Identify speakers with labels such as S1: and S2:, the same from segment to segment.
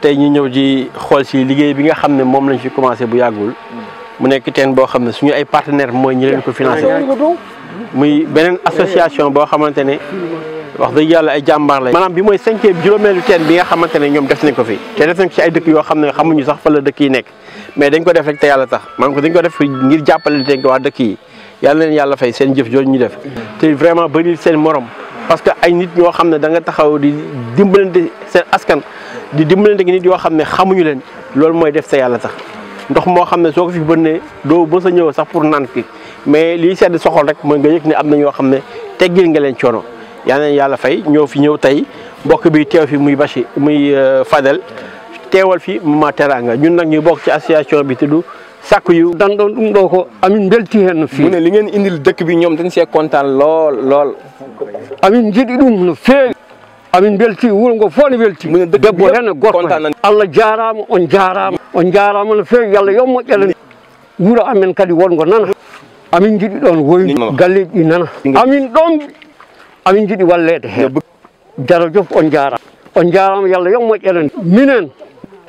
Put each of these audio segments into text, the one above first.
S1: tey ñu ñëw ji xool si liggéey bi nga xam ne moom lañ fi commencé bu yàggul mu nekk teen boo xam ne suñu ay partenaire mooy ñu leen ko financé muy beneen association boo xamante ne wax dëgg yàlla ay jàmbaar lañ maanaam bi mooy cinquième juróomeelu teen bi nga xamante ne ñoom def nañ ko fi te def nañ ko si ay dëkk yoo xam ne xamuñu sax fa la dëkk yi nekk mais dañ ko def rek te yàlla tax maanaam ko dañ ko def ngir jàppale teen ko waa dëkk yi yàlla leen yàlla fay seen jëf jooju ñu def te vraiment seen morom parce da nga taxaw di seen askan di dimbalante gi nit yoo xam ne xamuñu leen loolu mooy def sa yàlla sax ndox moo xam ne soo ko fi bënnee doo ba sa ñëw sax pour naan fi mais liy sedd soxol rek mooy nga yëg ne am na ñoo xam ne te teggil nga leen coono yaa neen yàlla fay ñëw fi ñëw tey mbokk bi teew fi muy basi muy euh, Fadel teewal fi ma teranga ñun nag ñu bokk ci association bi du sàkku yu dan ɗon ɗum ɗo ko amin belti hen no mu
S2: ne li ngeen indil dëkk bi ñoom dañ see kontaan lool lool amin belti wuro ngo fof ne welti debbo hen gorko allah jarama on jarama on jarama no fewi allah yo moƴƴere wuuro amen kadi wongo nana amin jiiɗi ɗon woyni galleji ɗi nana amin ɗon amin jiiɗi wallede hen jaro jof on jarama on jarama yallah yo moƴƴere minen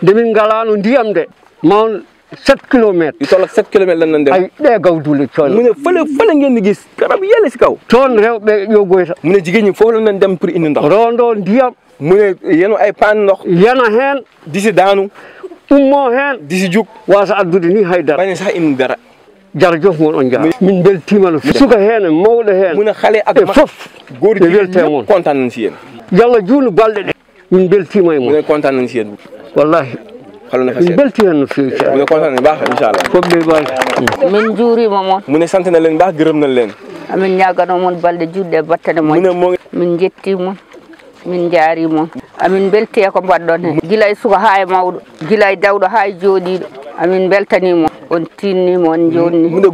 S2: nde min galano ndiyam nde mawn sept kilomètres. yu toll ak sept kilomètres lan lañ coon. mu ne fële fële ngeen di gis garab yële si kaw. coon réew be yow goyta. mu ne jigéen ñi foofu la ñu dem pour indi ndox. rondo ndiyam. mu ne yenu ay paan ndox. yana heen. di si daanu. ummo heen. di si jug. waasa addude ni hay dara. bañ sax indi dara. jarajof eh, moon on jaara min beltimano suka heen mawɗo heen mune haale ak e fof goori welte moon contant nan si yéen yalla juunu balɗe ɗe min beltima e moon contant nan si yéen wallahi xal mm. na fa seet bel tiran fi bu ne
S3: min juurima moon
S2: mu ne sant na leen baax leen
S3: amin ñagano balɗe juɗɗe battane moon min jetti moon min jaari moon amin belti e ko mbaɗɗon hen gila suka ha e mawɗo gila e dawɗo ha e jooɗiɗo amin beltanimo on tinnimo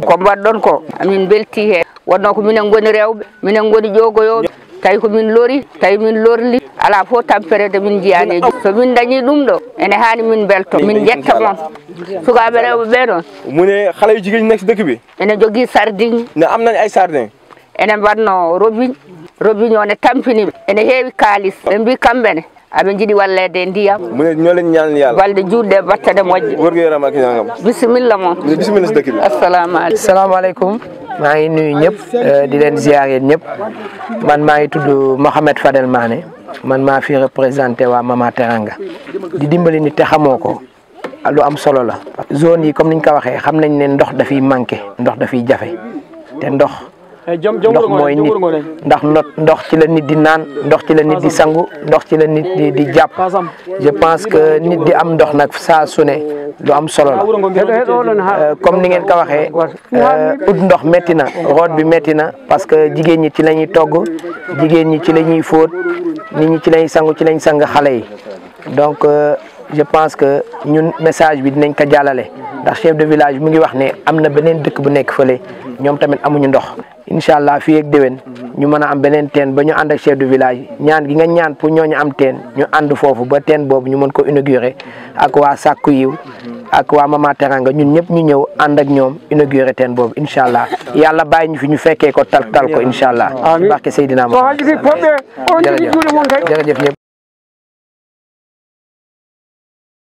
S3: ko mbaɗɗon ko amin belti hen wonno ko minen goni rewɓe minen goni ƴogoyoɓe tawi komin lori tawi min lorli ala fof tamperede min jiyaneji so min dañi ɗum ɗo ene hani min belto min jetta on sukaɓe rewɓe ɓe ɗon mune haala e jigueji nek so dëkk bi ene jogui sardin ne amnani ay sardin ene mbanno robin robin o ne tampiniɓe ene heewi kalis ɓe mbi kamɓene aɓe jiiɗi wallede e ndiyam mune ñolen ñalan yaala walde juutɗe battade moƴƴe gorgo yorama kiñagam
S4: bisimilla moon bisimilla so dëkk bi assalamu aleykum assalamu aleykum maa ngi nuyu ñëpp euh, di leen ziare ñëpp man maa ngi tudd Mohamed Fadel Mané man maa fi représenté waa Mama Teranga di dimbali nit te xamoo ko lu am solo la. zone yi comme niñ ko waxee xam nañ ne ndox dafiy manqué ndox dafiy jafe te ndox. Eh, ndox mooy nit ndax ndox ci la nit di naan ndox ci la nit di sangu ndox ci la nit di di jàpp je pense que nit di am ndox nag saa su ne lu am solo la ah, eh, comme ni ngeen ko waxee eh, ut ndox métti na root bi métti na parce que jigéen ñi ci la ñuy togg jigéen ñi ci la ñuy fóot nit ñi ci lañ sangu ci lañ sang xale yi donc euh, je pense que ñun message bi dinañ ko jàllale ndax chef de village mu ngi wax ne am na beneen dëkk bu nekk fële ñoom tamit amuñu ndox incha allah fii ak mhm. ñu mën a am beneen teen ba ñu ànd ak chef du village ñaan gi nga ñaan pour ñooñu am teen ñu ànd foofu ba teen boobu ñu mën ko inaugurer ak waa Sakku Yiw mhm. ak waa Mama Teranga ñun ñëpp ñu ñëw ànd ak ñoom inaugurer teen boobu incha allah yàlla bàyyi ñu fi ñu fekkee ko tal tal ko incha allah barke Seydina Muhammad
S3: jërëjëf